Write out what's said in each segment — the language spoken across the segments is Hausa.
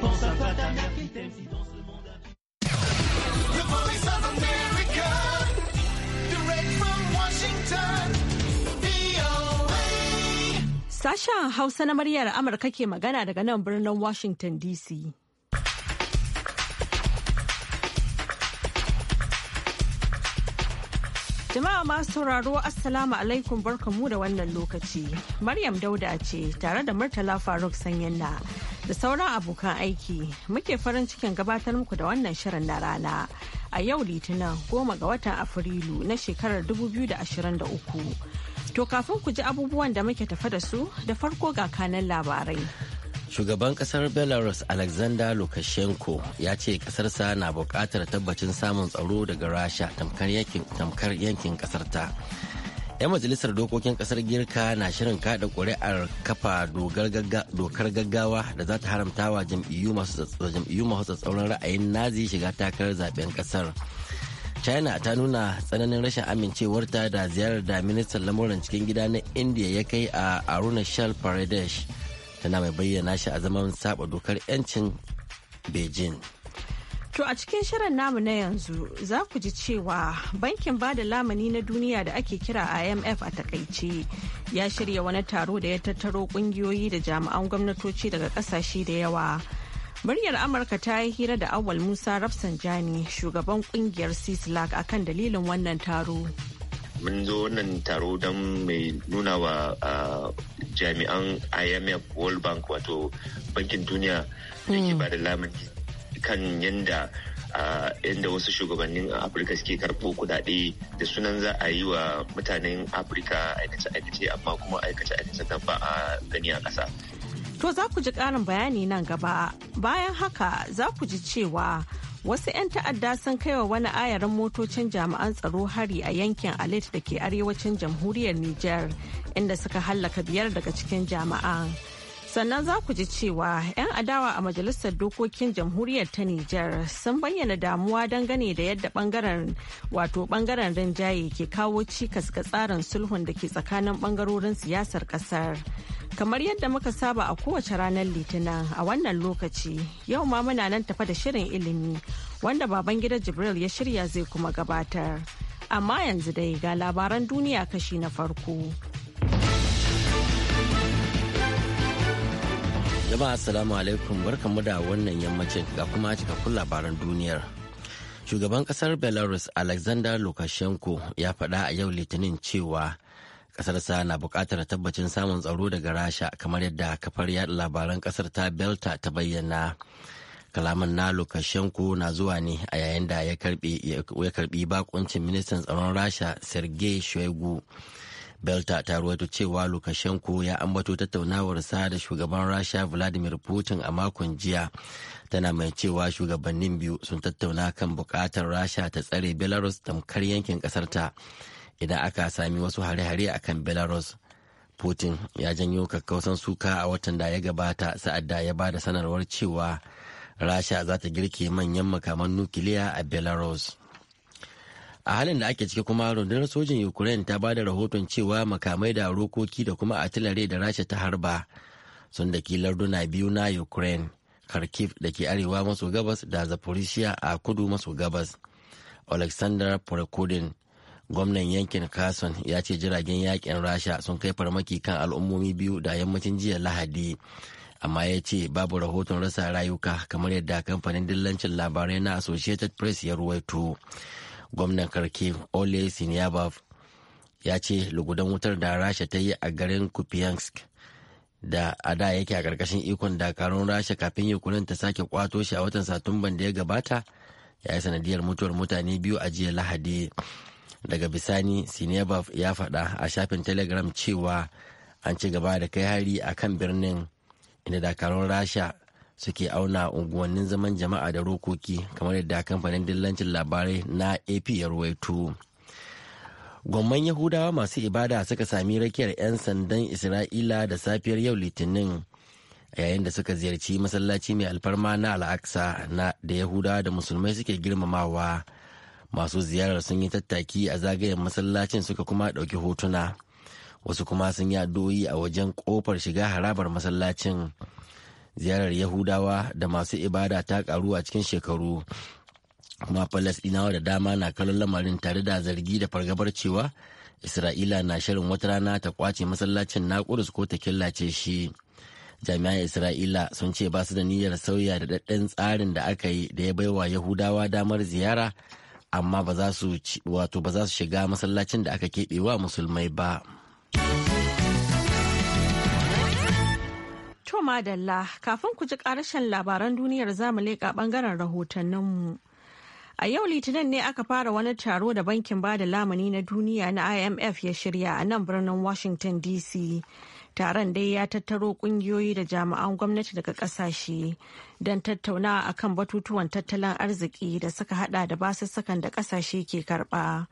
pense à Fatamère qui t'aime si dans ce monde The voice of America Direct from Washington Sasha Hausa na muryar Amurka ke magana daga nan birnin Washington DC. Jama'a masu sauraro Assalamu alaikum mu da wannan lokaci. Maryam Dauda ce tare da Murtala Faruk sanyin na da sauran abokan aiki muke farin cikin gabatar muku da wannan shirin na rana. A yau Litinin goma ga watan Afrilu na shekarar 2023. To kafin ku ji abubuwan da muke tafa da su da farko ga kanan labarai. shugaban kasar belarus alexander lukashenko ya ce kasarsa na bukatar tabbacin samun tsaro daga rasha tamkar yankin kasarta yan majalisar dokokin kasar girka na shirin kada ƙuri'ar kafa dokar gaggawa da za ta haramta wa jam'iyyu masu tsatsauran ra'ayin nazi shiga takarar zaben kasar china ta nuna tsananin rashin amincewarta da ziyarar da ministan lamuran cikin gida na india ya kai a arunachal pradesh tana mai bayyana shi a zaman saba dokar 'yancin beijing To a cikin shirin namu na yanzu za ku ji cewa bankin bada lamani na duniya da ake kira IMF a takaice ya shirya wani taro da ya tattaro kungiyoyi da jami'an gwamnatoci daga kasashe da yawa. Muryar Amurka ta yi hira da Awal Musa Rafsanjani shugaban kungiyar CISLAC akan dalilin wannan taro. mun zo wannan taro don mai nuna wa jami'an imf world bank wato bankin duniya da ke hmm. ba da lamun kan yadda yadda wasu shugabannin afirka suke karɓo kudade da sunan za a yi wa mutanen afirka aikace-aikace amma kuma aikace-aikace nan ba a gani a ƙasa to za ku ji ƙarin bayani nan gaba bayan haka za ku ji cewa Wasu 'yan ta'adda sun kai wa wani ayarin motocin jami'an tsaro hari a yankin Alit da ke arewacin jamhuriyar Nijar inda suka hallaka biyar daga cikin jami'an. sannan za ku ji cewa 'yan adawa a majalisar dokokin jamhuriyar ta Nijar sun bayyana damuwa dangane da yadda bangaren wato bangaren rinjaye ke kawo cikas ga tsarin sulhun da ke tsakanin bangarorin siyasar kasar kamar yadda muka saba a kowace ranar litinin a wannan lokaci yau ma muna nan tafa da shirin ilimi wanda baban gida jibril ya shirya zai kuma gabatar amma yanzu dai ga labaran duniya kashi na farko. jama'a assalamu alaikum mu da wannan yammacin ga kuma cikakkun labaran duniyar shugaban kasar belarus alexander lukashenko ya faɗa a yau litinin cewa ƙasarsa na buƙatar tabbacin samun tsaro daga rasha kamar yadda kafar yada labaran ƙasar ta belta ta bayyana kalaman na lukashenko na zuwa ne a yayin da ya karbi bakuncin ministan tsaron rasha sergei shoigu belta ta ruwaito cewa lukashenko ya ambato tattaunawarsa da shugaban rasha vladimir putin a makon jiya tana mai cewa shugabannin biyu sun tattauna kan bukatar rasha ta tsare belarus tamkar yankin kasarta idan aka sami wasu hare-hare a kan belarus putin ya janyo kakkausan suka a watan da ya gabata sa'ad da ya ba da sanarwar cewa rasha za ta girke manyan makaman nukiliya a belarus a halin da ake ciki kuma rundunar sojin ukraine ta bada rahoton cewa makamai da rokoki da kuma atilare da rasha ta harba sun daki larduna biyu na ukraine kharkiv da ke arewa maso gabas da zaporizhia a kudu maso gabas alexander prokodin gwamnan yankin kason ya ce jiragen yakin rasha sun kai farmaki kan al'ummomi biyu da yammacin jiya lahadi amma ya ce babu rahoton rasa rayuka kamar yadda kamfanin dillancin labarai na associated press ya ruwaito gwamnan karki ole sinyabov ya ce lugudan wutar da rasha ta yi a garin kupiansk da a da yake a ƙarƙashin ikon dakarun rasha kafin yankunan ta sake kwato shi a watan satumban da ya gabata ya yi sanadiyar mutuwar mutane biyu a jiya lahadi daga bisani sinebov ya faɗa a shafin telegram cewa an ci gaba da kai hari a kan birnin inda dakarun rasha suke auna unguwannin zaman jama'a da rokoki kamar yadda kamfanin dillancin labarai na ap ya ruwaito gwamman yahudawa masu ibada suka sami rakiyar 'yan sandan isra'ila da safiyar yau litinin yayin da suka ziyarci masallaci mai alfarma na al'aksa na da yahudawa da musulmai suke girmamawa masu ziyarar sun yi tattaki a zagayen masallacin suka kuma ɗauki hotuna wasu kuma sun yi addu'o'i a wajen ƙofar shiga harabar masallacin ziyarar yahudawa da masu ibada ta karu a cikin shekaru kuma falasɗinawa da dama na kallon lamarin tare da zargi da fargabar cewa isra'ila na shirin wata rana ta kwace masallacin naƙudus ko ta killace shi jami'an isra'ila sun ce ba su da niyyar sauya da daɗin tsarin da aka yi da ya baiwa yahudawa damar ziyara amma ba za su shiga masallacin da aka keɓe wa musulmai ba. To madalla kafin ku ji karashen labaran duniyar zamu leƙa bangaren rahotanninmu. A yau Litinin ne aka fara wani taro da bankin bada lamuni na duniya na IMF ya shirya a nan birnin Washington DC. Taron dai ya tattaro kungiyoyi da jami'an gwamnati daga kasashe don tattaunawa akan batutuwan tattalin arziki da suka hada da basussukan da kasashe ke karba.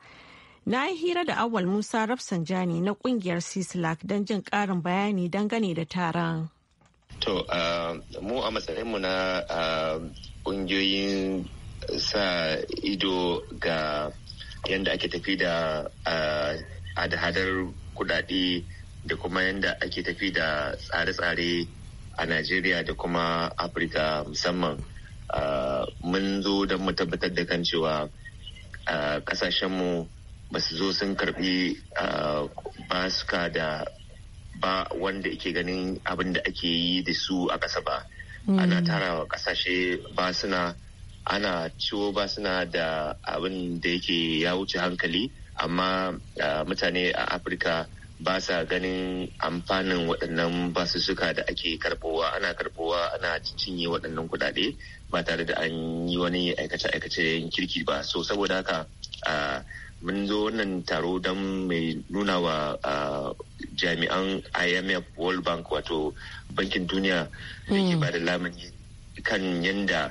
Na yi hira da awal Musa Rafsanjani na kungiyar Sislak don jin karin bayani dangane da taron. To, uh, mu a matsayin mu na uh, ƙungiyoyin sa ido ga yadda ake tafi da uh, hada-hadar kudade da kuma yadda ake tafi da tsare-tsare a Najeriya da kuma Afirka musamman. Mun zo don mu tabbatar da kan cewa kasashenmu ba su zo sun karbi ka da ba wanda ke ganin abin da ake yi da su a ƙasa ba hmm. ana tara kasashe ba suna ana ciwo ba suna da abin da yake ya wuce hankali amma mutane a afirka ba sa ganin amfanin waɗannan basussuka da ake karɓowa. ana karbowa ana cinye waɗannan kuɗaɗe ba tare da an yi wani aikace-aikace kirki ba so saboda haka mun zo wannan taro don mai nuna wa jami'an imf world bank wato bankin duniya da ke hmm. bada lamani kan yanda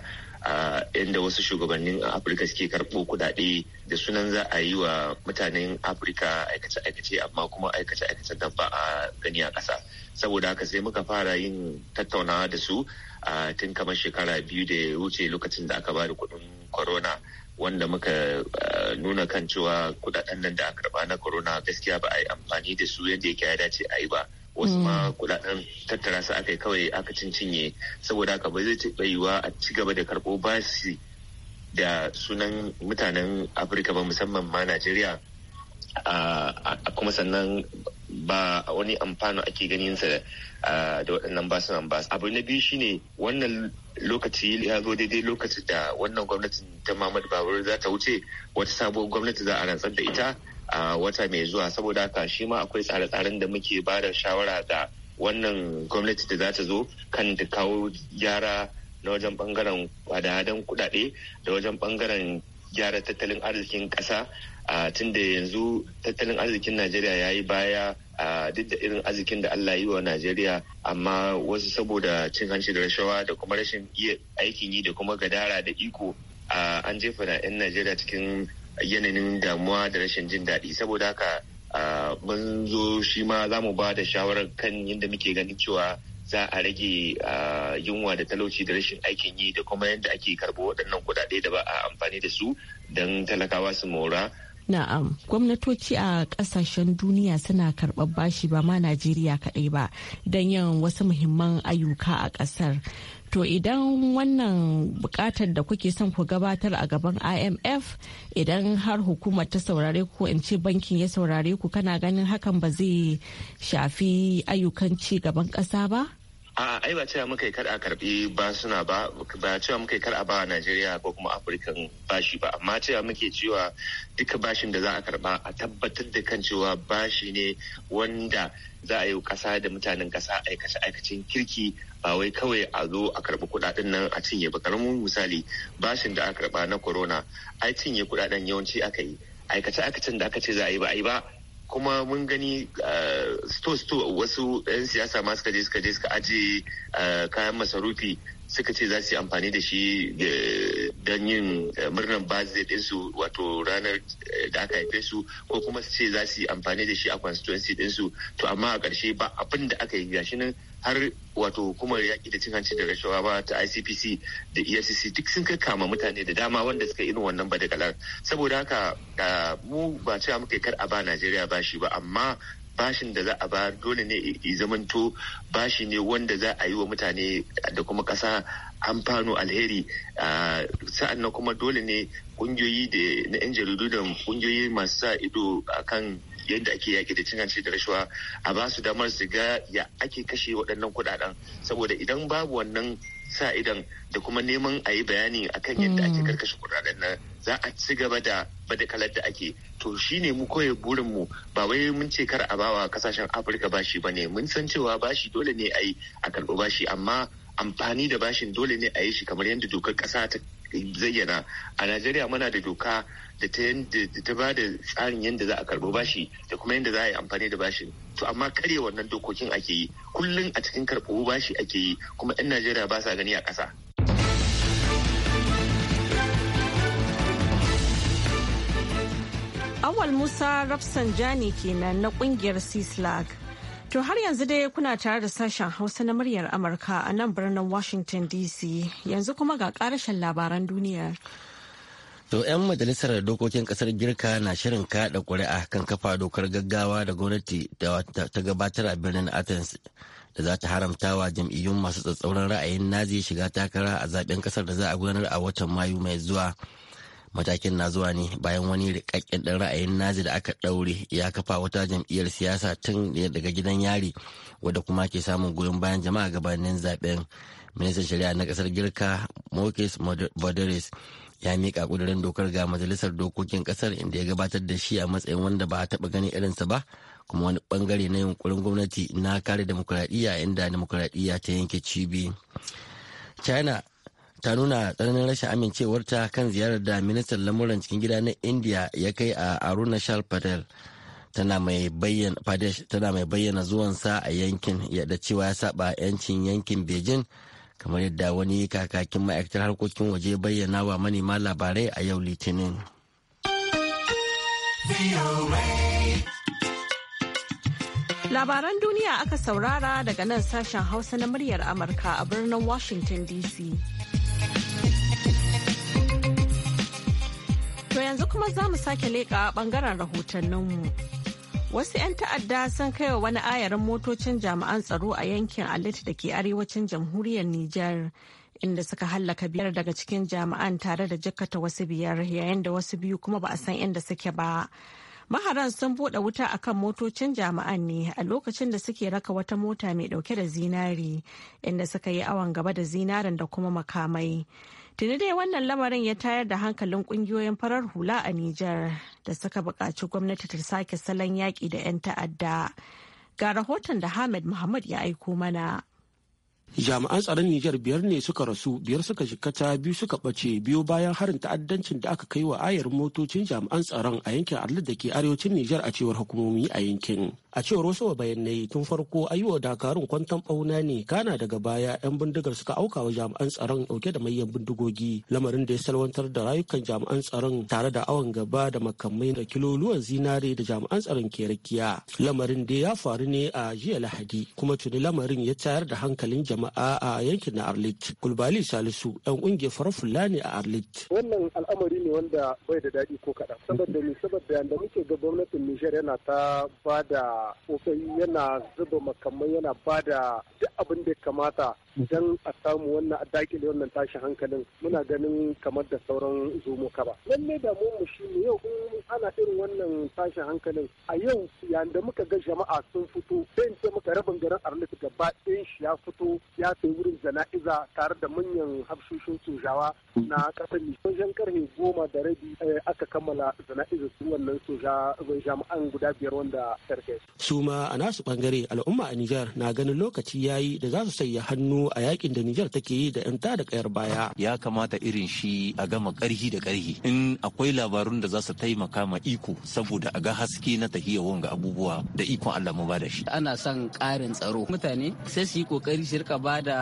yanda wasu shugabannin afirka suke karbo kudade da sunan za a yi wa mutanen afirka aikace-aikace amma kuma aikace-aikace da ba a gani a ƙasa saboda haka sai muka fara yin tattaunawa da su tun kamar shekara biyu da ya wuce lokacin da aka ba da kuɗin corona wanda muka eh, nuna kan cewa kudaden nan da aka karba na corona gaskiya ba a yi amfani da su yadda yake ya dace a yi ba wasu ma mm. kudaden tattara su aka yi kawai aka cincinye saboda haka ba zai ci yiwuwa a ci gaba da karɓo basi da sunan mutanen afirka ba musamman ma najeriya ah, a kuma sannan ba wani amfano ake ganin sa da waɗannan basunan ba abu na biyu shine wannan lokaci ya zo daidai lokacin da wannan gwamnatin ta Muhammadu Babur za ta wuce wata sabuwar gwamnati za a rantsar da ita a wata mai zuwa saboda haka shi ma akwai tsare-tsaren da muke ba da shawara ga wannan gwamnati da za ta zo kan da kawo gyara na wajen bangaren hada kudade da wajen bangaren gyara tattalin arzikin ƙasa a tun da yanzu tattalin arzikin najeriya ya yi baya a duk da irin arzikin da allah yi wa najeriya amma wasu saboda cin hanci da rashawa da kuma rashin iya aikin yi da kuma gadara da iko an jefa da 'yan najeriya cikin yanayin damuwa da rashin jin daɗi saboda haka mun zo shi ma za mu ba da shawarar kan yadda muke ganin cewa za a rage yunwa da talauci da rashin aikin yi da kuma yadda ake karɓo waɗannan kuɗaɗe da ba a amfani da su don talakawa su mora Na'am, gwamnatoci a kasashen duniya suna karɓar bashi ba ma Najeriya kaɗai ba don yin wasu muhimman ayyuka a ƙasar. To idan wannan buƙatar da kuke son ku gabatar a gaban IMF idan har hukumar ta saurare ko in ce bankin ya saurare ku kana ganin hakan ba zai shafi ayyukan ci gaban ƙasa ba? A'a, ai ba cewa muka yi kar a karbi ba suna ba ba cewa muka yi kar a ba Najeriya ko kuma afirka bashi ba amma cewa muke cewa duka bashin da za a karba a tabbatar da kan cewa bashi ne wanda za a yi kasa da mutanen kasa aikace aikacin kirki ba wai kawai a zo a karbi kudaden nan a cinye ba karamin misali bashin da aka karba na corona ai cinye kudaden yawanci aka yi aikace aikacin da aka ce za a yi ba a yi ba kuma mun gani eh, sto sto wasu 'yan siyasa masu kaje suka je suka aje eh, kayan masarufi suka ce za su yi amfani da shi don yin eh, murnar birthday ɗinsu wato ranar eh, da aka haife su ko kuma su ce za su yi amfani da shi a constituency ɗinsu to amma a ƙarshe ba abin da aka yi gashi nan har wato hukumar yaƙi da cin hanci da rashawa ba ta ICPC da EFCC duk sun kai kama mutane da dama wanda suka irin wannan badagalar saboda haka ah, mu ba cewa muka kar a ba Najeriya ba shi ba amma bashin da za a ba dole ne i zamanto bashi ne wanda za a yi wa mutane da kuma ƙasa amfano alheri sa'an nan kuma dole ne ƙungiyoyi da na 'yan jaridu da ƙungiyoyi masu sa ido a kan yadda ake yaƙi da cin hanci da rashawa a ba su damar su ga ya ake kashe waɗannan kuɗaɗen saboda idan babu wannan sa idan da kuma neman a yi bayani akan yadda ake mm. karkashe kuɗaɗen nan za a ci gaba da badakalar da ake to shi ne mu burin mu ba wai mun ce kar a bawa kasashen afirka bashi ba ne mun san cewa bashi dole ne a yi a karɓo bashi amma amfani da bashin dole ne a yi shi kamar yadda dokar ƙasa ta zayyana a najeriya muna da doka da ta yadda ta ba da tsarin yadda za a karbo bashi da kuma yadda za a yi amfani da bashi to amma karya wannan dokokin ake yi kullum a cikin karɓo bashi ake yi kuma 'yan najeriya ba sa gani a ƙasa awal musa rafsanjani kenan na kungiyar cislag To har yanzu dai kuna tare da sashen Hausa na muryar Amurka a nan birnin Washington DC yanzu kuma ga karashen labaran duniya. To 'yan majalisar dokokin kasar Girka na shirin kaɗa ƙuri'a kan kafa dokar gaggawa da gwamnati ta gabatar a birnin Athens da za ta haramta wa jam'iyyun masu tsatsauran ra'ayin Nazi shiga takara a zaben kasar da za a gudanar a watan Mayu mai zuwa. matakin na zuwa ne bayan wani rikakken ɗan ra'ayin nazi da aka ɗaure ya kafa wata jam'iyyar siyasa tun daga gidan yari wadda kuma ke samun goyon bayan jama'a gabanin zaben ministan shari'a na kasar girka mokis voderes ya miƙa ƙudurin dokar ga majalisar dokokin ƙasar inda ya gabatar da shi a matsayin wanda ba a taɓa ganin irinsa ba kuma wani bangare na yunkurin gwamnati na kare demokuraɗiyya inda demokuraɗiyya ta yanke cibi china ta nuna tsananin rashin amincewarta kan ziyarar da ministan lamuran cikin gida na india ya kai a aruna shal patel tana mai bayyana zuwansa a yankin da cewa ya saba yancin yankin beijing kamar yadda wani kakakin ma'aikatar harkokin waje bayyana wa manema labarai a yau litinin Labaran duniya aka saurara daga nan sashen Hausa na muryar Amurka a birnin Washington DC. To yanzu kuma za mu sake leƙa ɓangaren rahotanninmu. Wasu 'yan ta'adda sun kai wa wani ayarin motocin jami'an tsaro a yankin Alit da ke arewacin jamhuriyar Nijar. Inda suka hallaka biyar daga cikin jami'an tare da jikkata wasu biyar yayin da wasu biyu kuma ba a san inda suke ba. Maharan sun buɗe wuta a kan motocin jami'an ne a lokacin da suke raka wata mota mai ɗauke da zinari inda suka yi awon gaba da zinarin da kuma makamai. Tuni dai wannan lamarin ya tayar da hankalin kungiyoyin farar hula a Nijar da suka buƙaci gwamnati ta sake salon yaƙi da 'yan ta'adda. Ga rahoton da Hamid Muhammad ya aiko mana. jami'an tsaron Nijar biyar ne suka rasu biyar suka jikata biyu suka ɓace biyu bayan harin ta'addancin da aka kai wa ayar motocin jami'an tsaron a yankin Arlit da ke arewacin Nijar a cewar hukumomi a yankin. A cewar wasu bayanai tun farko ayiwa dakarun kwantan bauna ne kana daga baya 'yan bindigar suka auka wa jami'an tsaron dauke da manyan bindigogi lamarin da ya salwantar da rayukan jami'an tsaron tare da awon gaba da makamai da kiloluwan zinare da jami'an tsaron ke rakiya. Lamarin da ya faru ne a jiya Lahadi kuma tuni lamarin ya tayar da hankalin jama'a jama'a a yankin na Arlit. Kulbali Salisu yan ƙungiyar farar Fulani a Arlit. Wannan al'amari ne wanda bai da daɗi ko kaɗan. Saboda ni saboda yanda muke ga gwamnatin Nijar yana ta ba da ƙoƙari yana zuba makamai yana ba da duk abin da kamata Idan a samu wannan a dakile wannan tashin hankalin muna ganin kamar da sauran zomo kaba lalle da mu shi ne yau in ana irin wannan tashin hankalin a yau yayin da muka ga jama'a sun fito sai ce muka rabin garin arlit gaba ɗayan shi ya fito ya tafi wurin jana'iza tare da manyan hafsoshin sojawa na ƙasar sojan karfe goma da rabi eh, aka kammala jana'iza su wannan soja eh, jama'an guda biyar wanda karfe su ma a nasu bangare al'umma a Nijar na ganin lokaci yayi da za su sanya hannu a yakin da Nijar take yi da 'yan da kayar baya. Ya kamata irin shi a gama karhi da karhi in akwai labarun da za su taimaka ma iko saboda a ga haske na tahiya wanga abubuwa da ikon Allah mu bada shi. Ana son karin tsaro. Mutane sai su yi kokari su rika da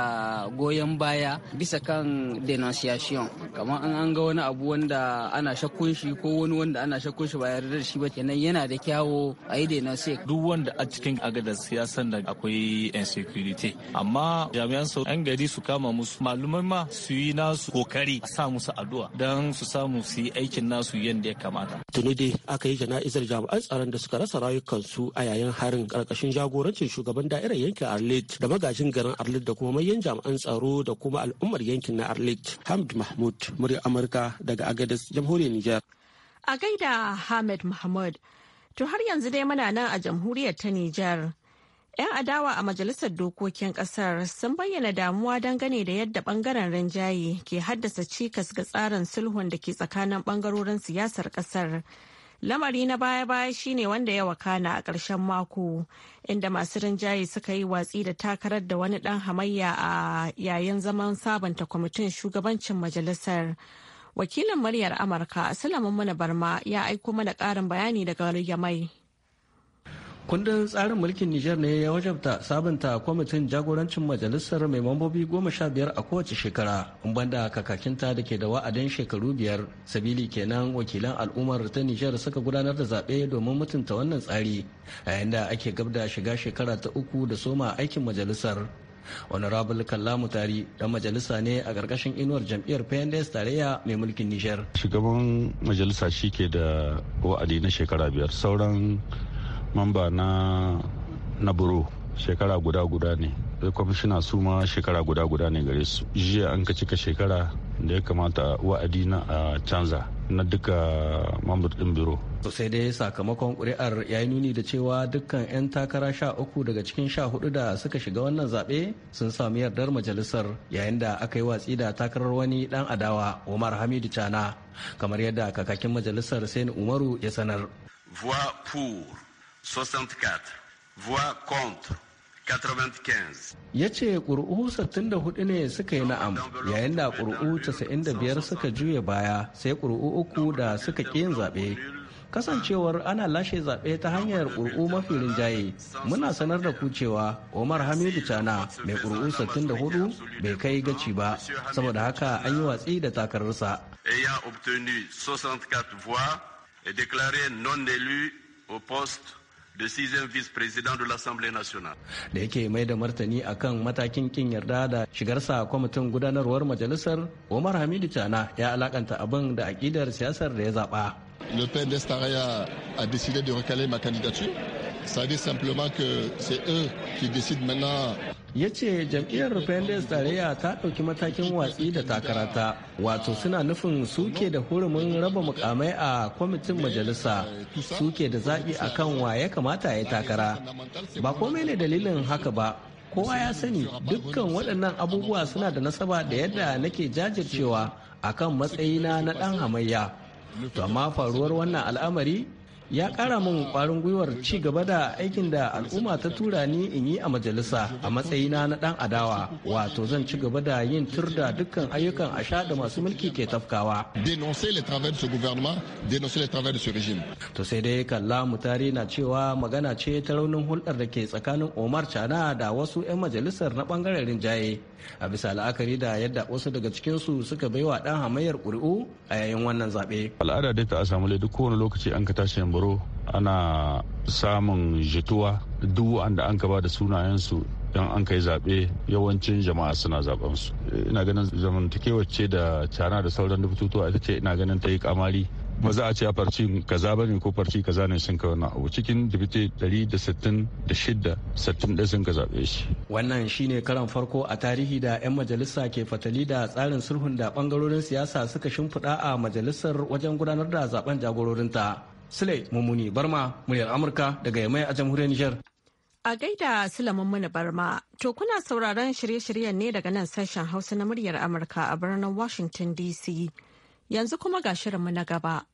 goyon baya bisa kan denunciation kamar an an ga wani abu wanda ana shakkun shi ko wani wanda ana shakkun shi ba yarda da shi ba kenan yana da kyawo a yi denunciation. Duk wanda a cikin agadar ya da akwai insecurity amma jami'an so yan gari su kama musu malumai ma su yi nasu kokari a sa musu addu'a don su samu su yi aikin nasu yadda ya kamata tuni dai aka yi jana'izar jami'an tsaron da suka rasa rayukansu a yayin harin karkashin jagorancin shugaban da'irar yankin arlit da magajin garin arlit da kuma manyan jami'an tsaro da kuma al'ummar yankin na arlit hamid mahmud murya amurka daga agadis jamhuriyar Nijar. a gaida hamid mahmud to har yanzu dai muna nan a jamhuriyar ta Nijar. 'Yan adawa a Majalisar Dokokin Ƙasar sun bayyana damuwa dangane da yadda bangaren rinjaye ke haddasa cikas ga tsarin sulhun da ke tsakanin ɓangarorin siyasar ƙasar. Lamari na baya-baya shine wanda ya wakana a ƙarshen mako, inda masu rinjaye suka yi watsi da takarar da wani ɗan hamayya a yayin zaman sabanta kwamitin shugabancin majalisar. Wakilin muryar Amurka, Sulaiman Mana Barma, ya aiko mana ƙarin bayani daga Yamai. kundin tsarin mulkin niger ne ya wajabta sabunta kwamitin jagorancin majalisar mai mambobi goma sha biyar a kowace shekara in banda kakakinta da ke da wa'adin shekaru biyar sabili kenan wakilan al'ummar ta niger suka gudanar da zaɓe domin mutunta wannan tsari yayin da ake gabda shiga shekara ta uku da soma aikin majalisar wani honorable kallamu tari dan majalisa ne a ƙarƙashin inuwar jam'iyyar pnds tarayya mai mulkin nijar shugaban majalisa shi ke da wa'adi na shekara biyar sauran mamba na na buro shekara guda guda ne sai kwamishina su ma shekara guda guda ne gare su jiya an ka cika shekara da ya kamata wa'adi na a canza na duka mambar din biro sosai dai sakamakon kuri'ar ya yi nuni da cewa dukkan 'yan takara sha uku daga cikin sha hudu da suka shiga wannan zaɓe sun sami yardar majalisar yayin da aka yi watsi da takarar wani dan adawa umar hamidu cana kamar yadda kakakin majalisar sain umaru ya sanar 64, vua contre 95. Ya ce ƙuri'u 64 ne suka yi na'am yayin da ƙuri'u 95 suka juya baya sai ƙuri'u uku da suka ƙi yin zaɓe. Kasancewar ana lashe zaɓe ta hanyar ƙuri'u mafi rinjaye muna sanar da ku cewa Omar Hamidu Cana mai ƙuri'u 64 bai kai gaci ba saboda haka an yi watsi da takararsa. Ayant obtenu 64 voix et déclaré non élu au poste da sixième vice-président de l'Assemblée nationale. Da yake mai da martani akan matakin kin yarda da shigarsa kwamitin gudanarwar majalisar, Omar Hamidu Tana ya alakanta abin da akidar siyasar da ya zaba. Le PNDS Taraya a décidé de recaler ma candidature. Ça dit simplement que c'est eux qui décident maintenant ya ce jam'iyyar Rufendes tarayya ta ɗauki matakin watsi da takarata wato suna nufin suke da hurumin raba mukamai a kwamitin majalisa suke da zaɓi a kan wa ya kamata ya takara ba komai ne dalilin haka ba kowa ya sani dukkan waɗannan abubuwa suna da nasaba da yadda nake jajircewa akan matsayina na ɗan hamayya to amma faruwar wannan al'amari ya kara min kwarin gwiwar ci gaba da aikin da al'umma ta tura ni in yi a majalisa a matsayina na dan adawa wato zan ci gaba da yin tur da dukkan ayyukan sha da masu mulki ke tafkawa to sai dai kalla mutari na cewa magana ce ta raunin hulɗar da ke tsakanin omar chana da wasu 'yan majalisar na bangaren rinjaye a bisa la'akari da yadda wasu daga cikin su suka baiwa dan hamayyar kuri'u a yayin wannan zabe al'ada dai ta samu samu duk kowane lokaci an ka tashi tamburo ana samun jituwa duk wanda an ka ba da sunayensu don an kai zaɓe yawancin jama'a suna zaɓen su ina ganin zamantakewace ce da cana da sauran fitutuwa ita ce ina ganin ta yi kamari ba za a ce a farci kaza ba ne ko farci kaza ne sun ka na abu cikin dubite 166 61 sun ka zaɓe shi. Wannan shine karan farko a tarihi da 'yan majalisa ke fatali da tsarin sulhun da bangarorin siyasa suka shimfiɗa a majalisar wajen gudanar da zaben jagororinta. Sule Mummuni Barma, muryar Amurka daga Yamai a jamhuriyar Nijar. A gaida Sule Mummuni Barma, to kuna sauraron shirye-shiryen ne daga nan sashen Hausa na muryar Amurka a birnin Washington DC. Yanzu kuma ga shirinmu na gaba.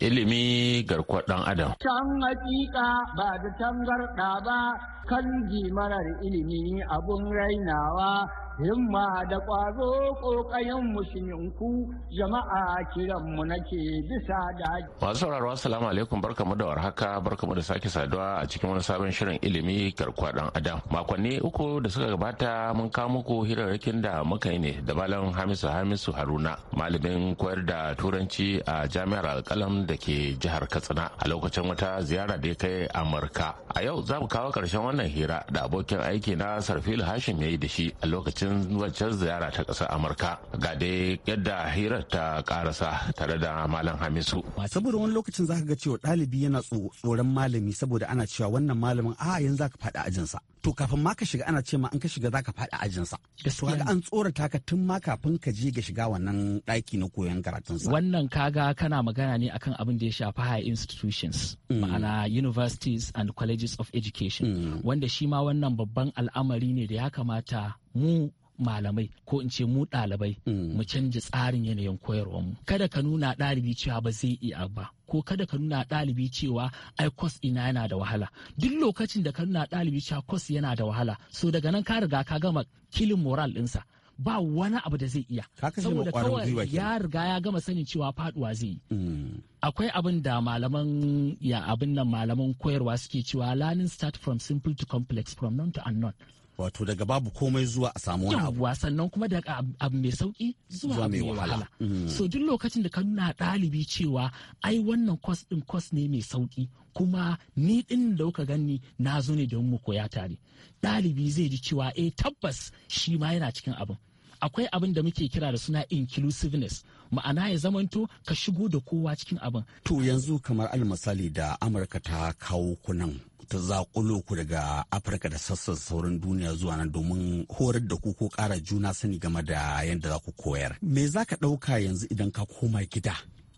Ilimi garkuwar ɗan Adam. Can hakika ba da tangarɗa ba, kan marar ilimi abun rainawa himma da ƙwazo ƙoƙayen musulminku jama'a kiranmu nake bisa da masu sauraro assalamu alaikum barkamu da warhaka barkamu da sake saduwa a cikin wani sabon shirin ilimi karkuwa dan adam makonni uku da suka gabata mun kawo muku hirarrakin da muka yi ne da malam hamisu hamisu haruna malamin koyar da turanci a jami'ar alkalam da ke jihar katsina a lokacin wata ziyara da ya kai amurka a yau za mu kawo ƙarshen wannan hira da abokin aiki na sarfilu hashim ya yi da shi a lokacin lokacin wancan ziyara ta ƙasar amurka ga dai yadda hirar ta karasa tare da malam hamisu saboda wani lokacin za ka ga cewa ɗalibi yana tsoron malami saboda ana cewa wannan malamin a yanzu zaka faɗi ajinsa to kafin ma ka shiga ana ce ma an ka shiga ka faɗi ajinsa kaga an tsorata ka tun ma kafin ka je ga shiga wannan ɗaki na koyon karatunsa wannan kaga kana magana ne akan abin da ya shafi high institutions mm. ma'ana universities and colleges of education mm. wanda shi ma wannan babban al'amari ne da ya kamata mu malamai ko in ce mu ɗalibai hmm. mu canja tsarin yanayin mu. kada ka nuna ɗalibi cewa ba zai iya ba ko kada ka nuna ɗalibi cewa ai kwas ina yana da wahala duk lokacin da ka nuna ɗalibi cewa kwas yana da wahala so daga nan ka riga ka gama kilin moral ɗinsa ba wani abu da zai iya saboda kawai ya riga ya gama sanin cewa faduwa zai yi hmm. akwai abin da malaman ya abin nan malaman koyarwa suke cewa learning start from simple to complex from non to unknown wato daga babu komai zuwa a samu wani abu sannan kuma daga abu mai sauki zuwa mai wahala mm-hmm. so duk lokacin da ka nuna ɗalibi cewa ai wannan kwas din kwas ne mai sauki kuma ni din da kuka gani na zo ne don mu koya tare ɗalibi zai ji cewa eh tabbas shi ma yana cikin abin akwai abin da muke kira da suna inclusiveness ma'ana ya zamanto ka shigo da kowa cikin abin to yanzu kamar almasali da amurka ta kawo kunan ta zakulo ku daga afirka da sassan sauran duniya zuwa nan domin horar da ku ko kara juna sani game da yadda za ku koyar me za ka ɗauka yanzu idan ka koma gida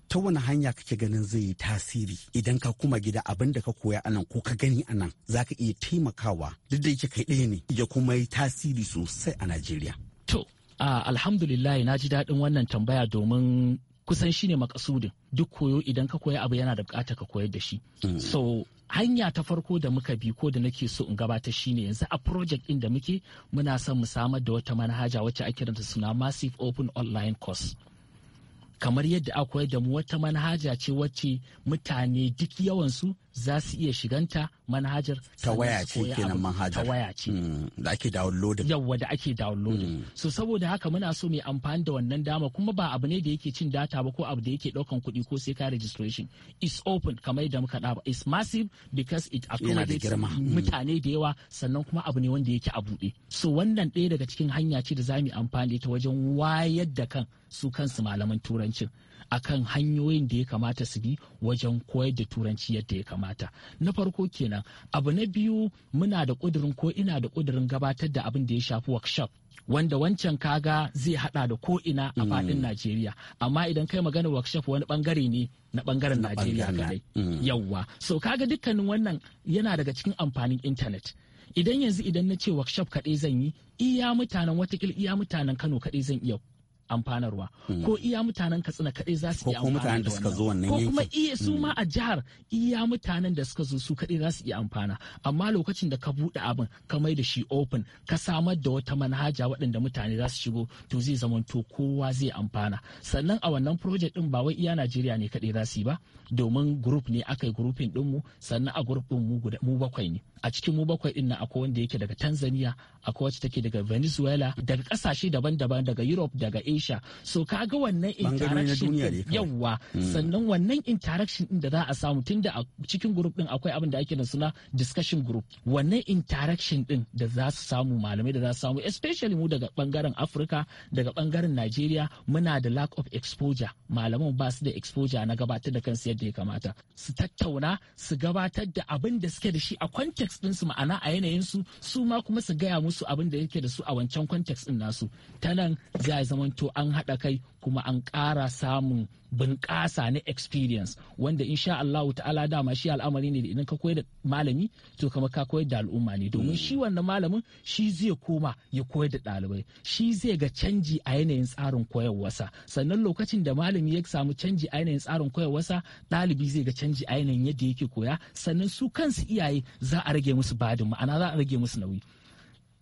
ta wani hanya kake ganin zai yi tasiri idan ka kuma gida abin da ka koya anan ko ka gani anan za ka iya taimakawa duk da yake kai ɗaya ne ya kuma yi tasiri sosai a najeriya to alhamdulillah na ji daɗin wannan tambaya domin kusan shine makasudin duk koyo idan ka koya abu yana da bukata ka koyar da shi mm. so hanya ta farko da muka bi ko da nake so in gabatar shine yanzu a project din da muke muna son mu samar da wata manhaja wacce ake kiranta suna massive open online course kamar yadda akwai da mu wata manhaja ce wacce mutane duk yawansu za su iya shiganta manhajar ta waya ce kenan manhajar ta waya ce da ake downloading yawa da ake downloading hmm. so saboda haka muna so mai amfani da wannan dama kuma ba abu ne da yake cin data ba ko abu da yake daukan kuɗi ko sai ka registration is open kamar yadda muka ɗaba is massive because it accommodates hmm. mutane da yawa sannan kuma abu ne wanda yake a buɗe so wannan ɗaya daga cikin hanya ce da za mu amfani ta wajen wayar da kan su kansu malaman turancin akan hanyoyin da ya kamata su bi wajen koyar da turanci yadda ya kamata na farko kenan abu na biyu muna da kudurin ko ina da kudurin gabatar da abin da ya shafi workshop wanda wancan kaga zai hada da ko ina a mm. faɗin najeriya amma idan kai magana workshop wani bangare ne na bangaren najeriya kadai mm. yawwa so kaga dukkanin wannan yana daga cikin amfanin intanet idan yanzu idan na ce workshop kaɗai zan yi iya mutanen watakila iya mutanen kano kaɗai zan iya amfanarwa hmm. ko iya mutanen katsina kadai za su iya amfana da suka zo wannan ko kuma iya su hmm. ma a jihar iya mutanen da suka zo su kadai za su iya amfana amma lokacin da ka bude abin ka mai da shi open ka samar da wata manhaja waɗanda mutane za su shigo to zai zamanto kowa zai amfana sannan a wannan project din ba wai iya Najeriya ne kadai za su yi ba domin group ne aka yi grouping ɗinmu sannan a group ɗin mu bakwai ne a cikin mu bakwai din nan akwai wanda yake daga Tanzania akwai wacce take daga Venezuela daga kasashe daban-daban daga Europe daga Asia so kaga wannan interaction yawa hmm. sannan wannan interaction din da za a samu tunda a cikin group din akwai abin da ake da suna discussion group wannan interaction din da za su samu malamai da za su samu especially mu daga bangaren Africa daga bangaren Nigeria muna da lack of exposure malaman ba su da exposure na gabatar da kansu yadda ya kamata su tattauna su gabatar da abin da suke da shi a kwantar. context su ma'ana a yanayin su su ma kuma su gaya musu abin da yake da su a wancan context ɗin nasu ta nan za a zamanto an haɗa kai kuma an ƙara samun bunƙasa na experience wanda insha wa ta'ala dama shi al'amari ne da idan ka koyar da malami to kamar ka koyar da al'umma ne domin shi hmm. wannan malamin shi zai koma ya koyar da ɗalibai shi zai ga canji a yanayin tsarin koyarwarsa sannan lokacin da malami ya samu canji a yanayin tsarin koyarwarsa ɗalibi zai ga canji a yanayin yadda yake koya sannan su kansu iyaye za a rage musu badin ma'ana za a rage musu nauyi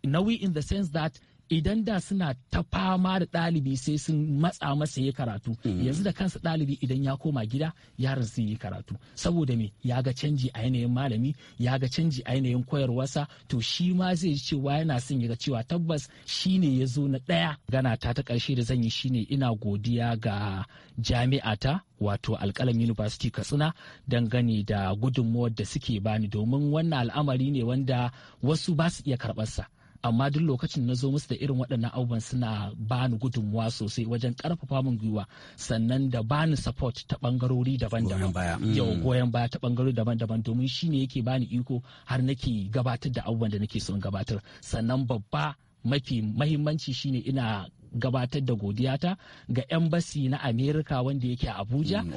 nauyi in the sense that idan da suna ta fama da ɗalibi sai sun matsa masa ya karatu mm-hmm. yanzu da kansa ɗalibi idan ya koma gida yaron sun yi karatu saboda me ya ga canji a yanayin malami ya ga canji a yanayin koyarwarsa to shi ma zai ji cewa yana son ya ga cewa tabbas shine ya zo na ɗaya gana ta ta karshe da zan yi shine ina godiya ga jami'a ta wato alkalam university katsina gani da gudunmuwar da suke bani domin wannan al'amari ne wanda wasu ba su iya karɓarsa amma duk lokacin na zo musu da irin waɗannan abubuwan suna bani gudunmuwa sosai wajen ƙarfafa min gwiwa sannan da bani support ta bangarori daban-daban mm. yau goyon baya ta bangarori daban-daban domin shine yake bani iko har nake gabatar da abubuwan da nake son gabatar sannan babba mafi mahimmanci shine ina gabatar da godiyata ga embassy na amerika wanda yake abuja mm,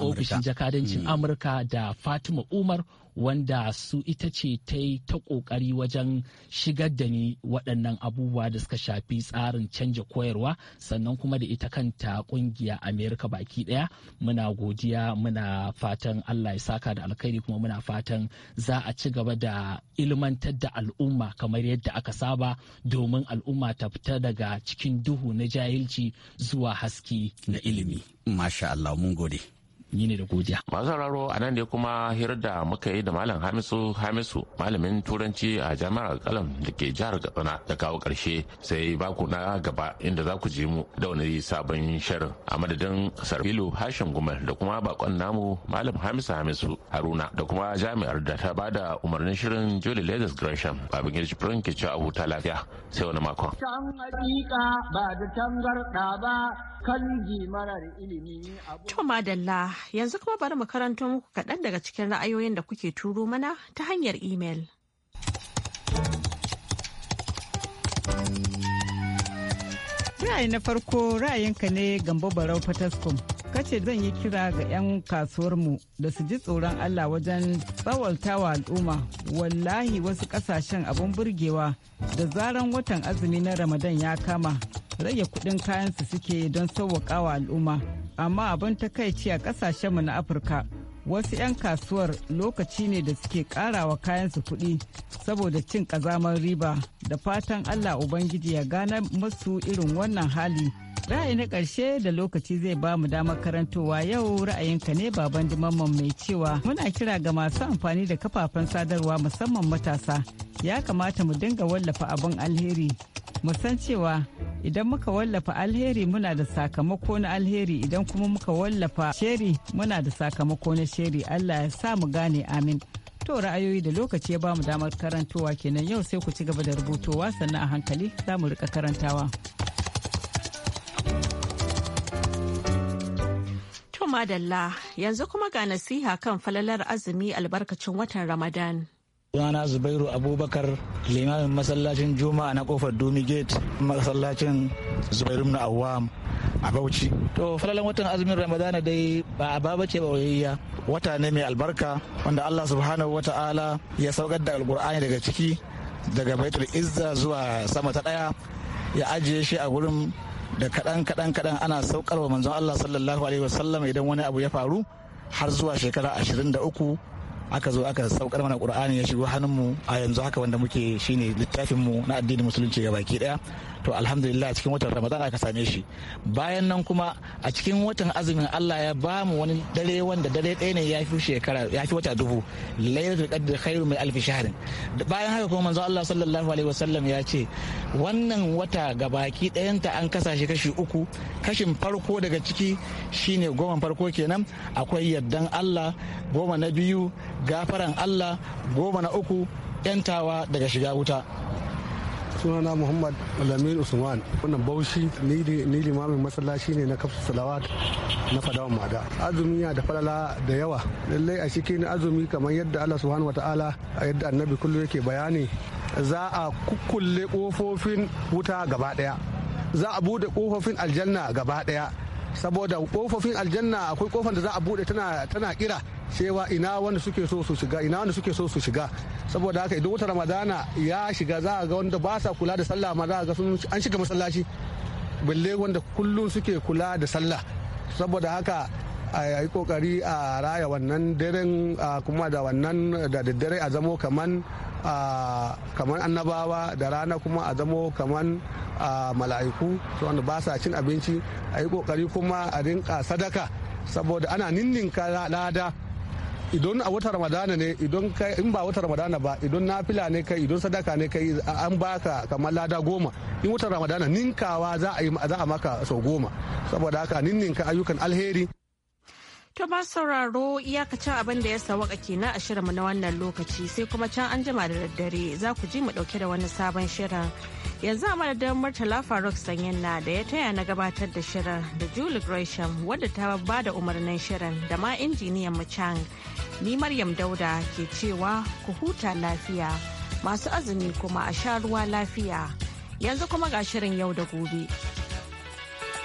ofishin jakadancin mm. amurka da fatima umar wanda su ita ce ta yi ta ƙoƙari wajen shigar da ni waɗannan abubuwa da suka shafi tsarin canja koyarwa sannan kuma da ita kanta ƙungiya amerika baki ɗaya muna godiya muna fatan allah ya saka da alkhairi kuma muna fatan za a ci gaba da ilmantar da al'umma kamar yadda aka saba domin al'umma ta fita daga cikin duhu na jahilci zuwa haske na ilimi masha allah mun gode ni ne da godiya. Masu sauraro a nan ne kuma hirar da muka yi da Malam Hamisu Hamisu malamin turanci a jami'ar kalam da ke jihar Katsina da kawo karshe sai baku na gaba inda za ku ji mu da wani sabon shirin a madadin Sarfilu Hashim Gumal da kuma bakon namu Malam Hamisu Hamisu Haruna da kuma jami'ar da ta da umarnin shirin Julie Leathers Gresham babin girji furin ke cewa abuta lafiya sai wani makon. ba da ba kan ji marar ilimi. To yanzu kuma bari mu karanto muku kaɗan daga cikin ra'ayoyin da kuke turo mana ta hanyar imel. Ra'ayi na farko ra'ayinka ne Gambo Barau Fataskum. Kace zan yi kira ga 'yan kasuwarmu da su ji tsoron Allah wajen tsawalta wa al'umma. Wallahi wasu kasashen abin burgewa da zaran watan azumi na Ramadan ya kama rage kudin kayan su suke don wa al'umma. amma abin takaici a kasashenmu na afirka wasu 'yan kasuwar lokaci ne da suke karawa kayansu kuɗi saboda cin ƙazamar riba da fatan allah ubangiji ya gane musu irin wannan hali ra'ayi na ƙarshe da lokaci zai ba mu damar karantowa yau ra'ayinka ne baban dimaman mai cewa muna kira ga masu amfani da kafafen sadarwa musamman matasa ya kamata mu dinga wallafa abin alheri mu san cewa idan muka wallafa alheri muna da sakamako na alheri idan kuma muka wallafa sheri muna da sakamako na sheri allah ya sa mu gane amin to ra'ayoyi da lokaci ya ba mu damar karantowa kenan yau sai ku ci gaba da rubutowa sannan a hankali za mu rika karantawa. madalla yanzu kuma ga nasiha kan falalar azumi albarkacin watan Ramadan. sunana zubairu abubakar limamin masallacin juma'a na kofar dumi gate masallacin zubairu na awam a bauchi to falalan watan azumin ramadana dai ba a ba bace ba wata ne mai albarka wanda allah subhanahu wa ta'ala ya saukar da alkur'ani daga ciki daga baitul izza zuwa sama ta daya ya ajiye shi a gurin da kaɗan kaɗan kaɗan ana saukar saukarwa manzon Allah sallallahu alaihi wasallam idan wani abu ya faru har zuwa shekara da uku aka zo aka saukar mana qur'ani ya shigo hannunmu a yanzu haka wanda muke shine littafinmu na addinin musulunci ga baki ɗaya. to alhamdulillah a cikin watan ramadan aka same shi bayan nan kuma a cikin watan azumin allah ya ba mu wani dare wanda dare ɗaya ne ya fi shekara ya fi wata dubu lailatul qadr khairu min alf shahrin bayan haka kuma manzo allah sallallahu alaihi wasallam ya ce wannan wata ga gabaki ta an kasa shi kashi uku kashin farko daga ciki shine goma farko kenan akwai yardan allah goma na biyu gafaran allah goma na uku yantawa daga shiga wuta sunana muhammad alamin usman wannan baushi ni limamin masallaci ne na kafsu salawat na fadawan mada azumi ya da falala da yawa lallai a cikin azumi kamar yadda allah subhanahu wa ta'ala yadda annabi kullum yake bayani za a kukkulle kofofin wuta gaba daya za a bude kofofin aljanna gaba daya saboda kofofin aljanna akwai kofar da za a bude tana tana kira cewa ina wanda suke so su shiga ina wanda suke so su shiga saboda haka idan wata ramadana ya shiga za a ga wanda ba sa kula da sallah ma za a ga sun an shiga masallaci balle wanda kullum suke kula da sallah saboda haka a yi kokari a raya wannan daren kuma da wannan da daddare a zamo kaman kaman annabawa da rana kuma a zamo kaman mala'iku to wanda ba sa cin abinci a yi kokari kuma a rinka sadaka saboda ana ninninka lada idan a wata ramadana ne idan in ba wata ramadana ba idan nafila ne kai idan sadaka ne kai an baka kamar lada goma in wata ramadana ninkawa za a maka sau goma saboda haka ninninka ayyukan alheri To ba sauraro iyakacin abin da ya sawaka kenan a shirinmu na wannan lokaci sai kuma can an jima da daddare za ku ji mu dauke da wani sabon shirin. Yanzu a madadin Murtala Faruk Sanyin na da ya taya na gabatar da shirin da Julie Gresham wadda ta ba da umarnin shirin da ma injiniyan mu Ni Maryam Dauda ke cewa ku huta lafiya masu azumi kuma a sha ruwa lafiya. Yanzu kuma ga shirin yau da gobe.